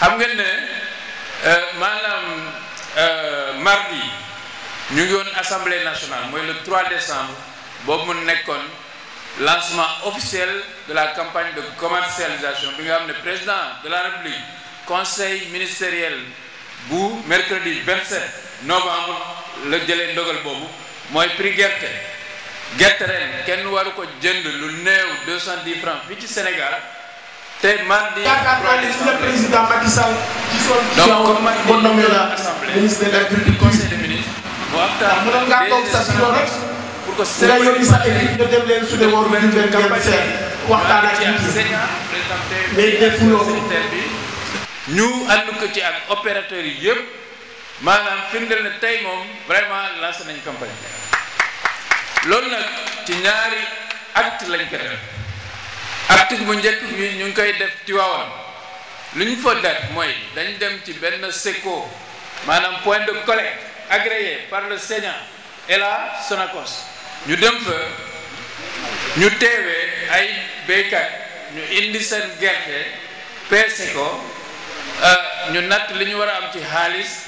xam ngeen ne euh, maanaam euh, mardi ñu ngi woon assemblée nationale mooy le 3 décembre boobu mu nekkoon lancement officiel de la campagne de commercialisation bi nga xam ne président de la république conseil ministériel bu mercredi 27 novembre la jëlee ndogal boobu mooy prix gerte gerte ren kenn waru ko jënd lu néew 210 francs fii ci Sénégal. te man di. yaakaar naa ne le président Macky Sall. donc comme man di nommé la ministre de l'agriculture conseil des ministres. waxtaan bi nga toog sa si yoon rek. pour que sa équipe nga dem leen su dee woon wér ngeen seet waxtaan ak nit mais defuloo ñu ànd ko ci ak opérateurs yi yëpp maanaam firndeel na tey moom vraiment lancé nañ campagne loolu nag ci ñaari acte lañ ko article bu njëkk bi ñu ngi koy def Tivaouane lu ñu fa mooy dañu dem ci benn SECO maanaam point de collecte agréé par le Sénat et la Sonacos ñu dem fa ñu teewee ay béykat ñu indi seen gerte peese ko euh, ñu natt li ñu war a am ci xaalis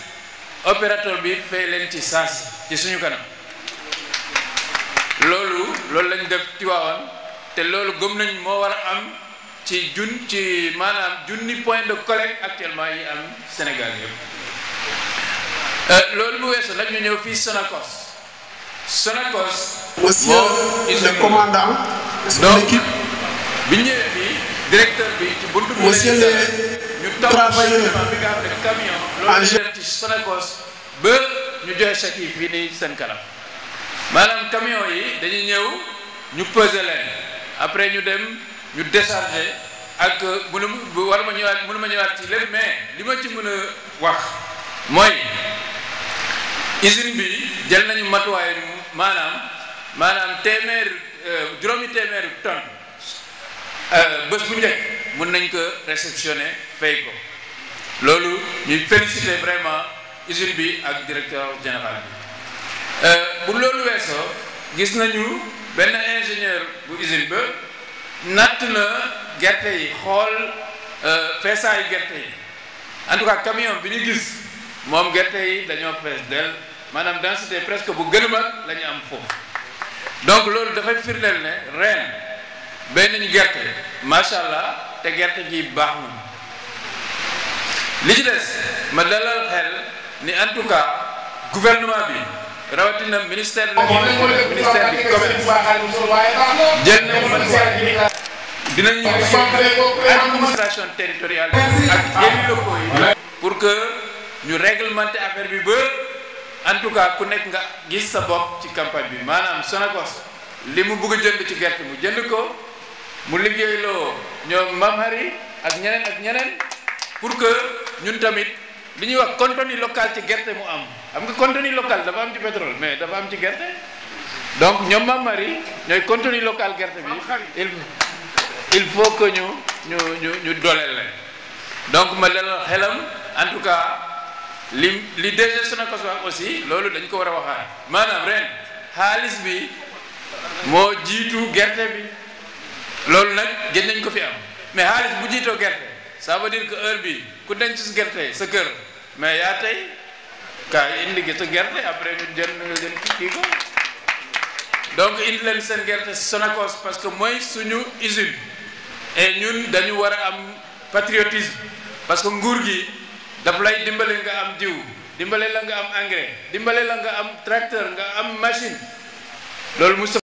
opérateur bi fay leen ci sas ci suñu kanam loolu loolu lañ def Tivaouane te loolu gom nañu moo war a am ci jun ci maanaam junni point de collecte actuellement yi am Sénégal yëpp euh, loolu bu weesu nag ñu ñëw fii Sonacos Sonacos monsieur le commandant donc l'équipe bi ñëwee fii directeur bi ci buntu bi monsieur le ñu travailleur bi nga camion loolu jël ci Sonacos ba ñu joxe chèque yi nii seen kanam maanaam camion yi dañuy ñëw ñu peser leen après ñu dem ñu déchargé ak euh, mënu war ma ñëwaat mënu ma ñëwaat ci lépp mais li ma ci mën a wax mooy usine bi jël nañu matuwaay maanaam maanaam téeméer euh, juróomi téeméeri tonne euh, bés bu njëkk mën nañ ko réceptionné fay ko loolu ñuy féliciter vraiment usine bi ak directeur général bu loolu weesoo gis nañu benn ingénieur bu usine ba natt na gerte yi xool euh, feesaayu gerte yi en tout cas camion bi ñu gis moom gerte yi dañoo fees del maanaam densité presque bu gën a mag la am foofu donc loolu dafay firndeel ne ren béy nañu gerte macha allah te gerte ji baax na li ci des ma dalal xel ni en tout cas gouvernement bi. rawatina ministère de ministère du commerce administration territoriale ak élus ah. locaux yi pour que ñu réglementer affaire bi ba en tout cas ku nekk nga gis sa bopp ci campagne bi maanaam Sonacos li mu bugg jënd ci gerte mu jënd ko mu liggéeyloo ñoom Mamari ak ñeneen ak ñeneen pour que ñun tamit. li ñuy wax contenu local ci gerte mu am xam nga contenu local dafa am ci pétrole mais dafa am ci gerte donc ñoom ma mari ñooy contenu local gerte bi il faut que ñu ñu ñu ñu dooleel donc ma leen xelam en tout cas li li DG Sonacos aussi loolu dañ ko war a waxaat maanaam ren xaalis bi moo jiitu gerte bi loolu nag gën nañ ko fi am mais xaalis bu jiitoo gerte ça veut dire que heure bi ku denc si gerte sa kër mais yaa tey kaa indi gi sa gerte après ñu jël nga jël kii ko donc indi leen seen gerte Sonacos parce que mooy suñu usine et ñun dañu war a am patriotisme parce que nguur gi daf lay dimbale nga am jiw dimbale la nga am engrais dimbale la nga am tracteur nga am machine loolu